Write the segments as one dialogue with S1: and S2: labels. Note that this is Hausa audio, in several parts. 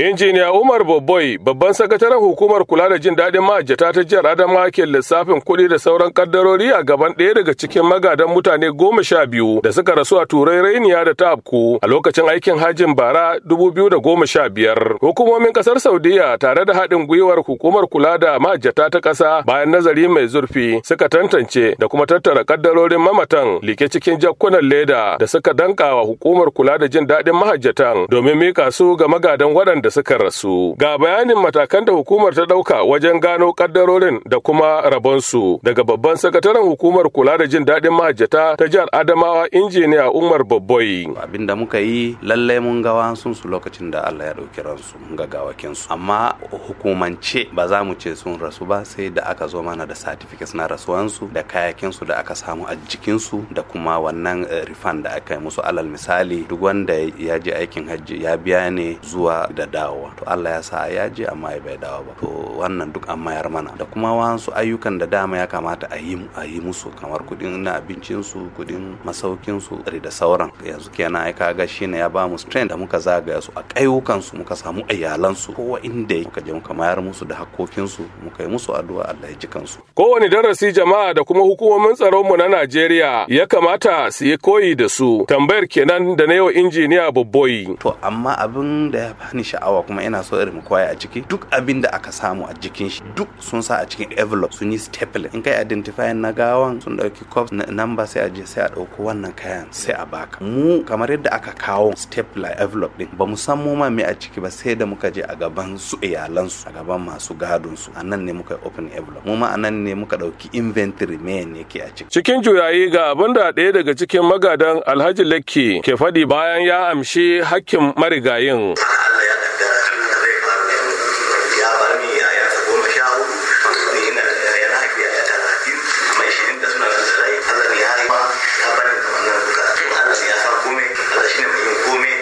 S1: Injiniya Umar Boboi, babban sakataren hukumar kula da jin daɗin ma'ajata ta jihar Adamawa ke lissafin kuɗi da sauran kaddarori a gaban ɗaya daga cikin magadan mutane goma sha biyu da suka rasu a turai rainiya da ta afku a lokacin aikin hajjin bara dubu biyu da goma sha biyar. Hukumomin ƙasar saudiyya tare da haɗin gwiwar hukumar kula da ma'ajata ta ƙasa bayan nazari mai zurfi suka tantance da kuma tattara kaddarorin mamatan like cikin jakkunan leda da suka danka hukumar kula da jin daɗin mahajjatan domin mika su ga magadan waɗanda da suka rasu. Ga bayanin matakan da hukumar ta ɗauka wajen gano kaddarorin da kuma rabonsu daga babban sakataren hukumar kula da jin daɗin mahajjata ta jihar Adamawa injiniya Umar Babboyi. Abin da muka yi lallai mun ga sun su lokacin da Allah ya ɗauki ransu mun ga gawakinsu
S2: amma hukumance ba za mu ce sun rasu ba sai da aka zo mana da certificates na rasuwansu da kayakinsu da aka samu a jikinsu da kuma wannan eh, rifan da aka yi musu alal misali duk wanda ya je aikin hajji ya biya ne zuwa da dawowa to Allah ya sa ya je amma ya bai dawo ba to wannan duk an mayar mana da kuma wasu ayyukan da dama ya kamata a yi a yi musu kamar kudin na abincin su kudin masaukin su da sauran yanzu kenan ai kaga shine ya ba mu strength da muka zagaya su a kaiwukan su muka samu iyalan su kowa inda muka je muka mayar musu da hakkokin su muka yi musu addu'a Allah ya ji kansu
S1: kowane darasi jama'a da kuma hukumomin tsaron mu na Najeriya ya kamata su yi koyi da su tambayar kenan da na yau injiniya Bobboyi to amma abin da ya bani sha sha'awa kuma ina so irin
S2: kwaya a ciki duk abin da aka samu a jikin shi duk sun sa a cikin envelope sun yi stapling in kai identify na gawan sun dauki cup number sai a je sai a dauko wannan kayan sai a baka mu kamar yadda aka kawo stapler envelope din ba mu san mu ma me a ciki ba sai da muka je a gaban su iyalan su a gaban masu gadon su a nan ne muka open envelope mu ma a nan ne muka dauki inventory me ne ke a ciki
S1: cikin juyayi ga abin da ɗaya daga cikin magadan Alhaji Lekki ke faɗi bayan ya amshi hakkin marigayin.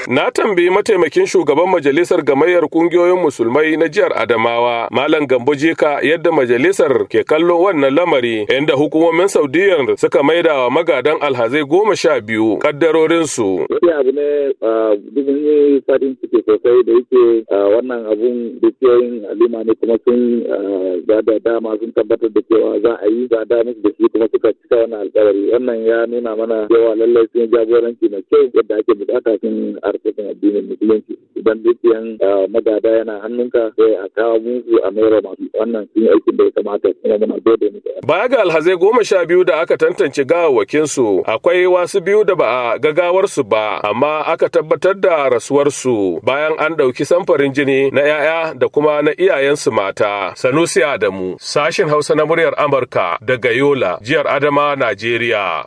S1: Na tambayi mataimakin shugaban majalisar gamayyar kungiyoyin musulmai na jihar Adamawa, Malam Gambo Jeka yadda majalisar ke kallo wannan lamari, inda hukumomin Saudiyyar suka maida wa magadan alhazai goma sha biyu kaddarorinsu. Wani
S3: abu ne dubin farin ciki sosai da yake wannan abun dukiyoyin alima ne kuma sun da dama sun tabbatar da cewa za a yi gada musu da shi kuma suka cika wannan alkawari. Wannan ya nuna mana yawa lallai sun jagoranci mai kyau yadda ake bukata sun harkokin addinin musulunci idan dukiyan ah, magada yana hannunka sai a kawo musu a naira masu wannan sun yi aikin da ya kamata kuma muna gode muku.
S1: Baya ga alhazai goma sha biyu da aka tantance su akwai wasu biyu da ba a gagawarsu ba amma aka tabbatar da rasuwarsu bayan an ɗauki samfarin jini na 'ya'ya da kuma na iyayensu mata. Sanusi Adamu, sashin Hausa na muryar Amurka daga Yola, jihar Adama, Najeriya.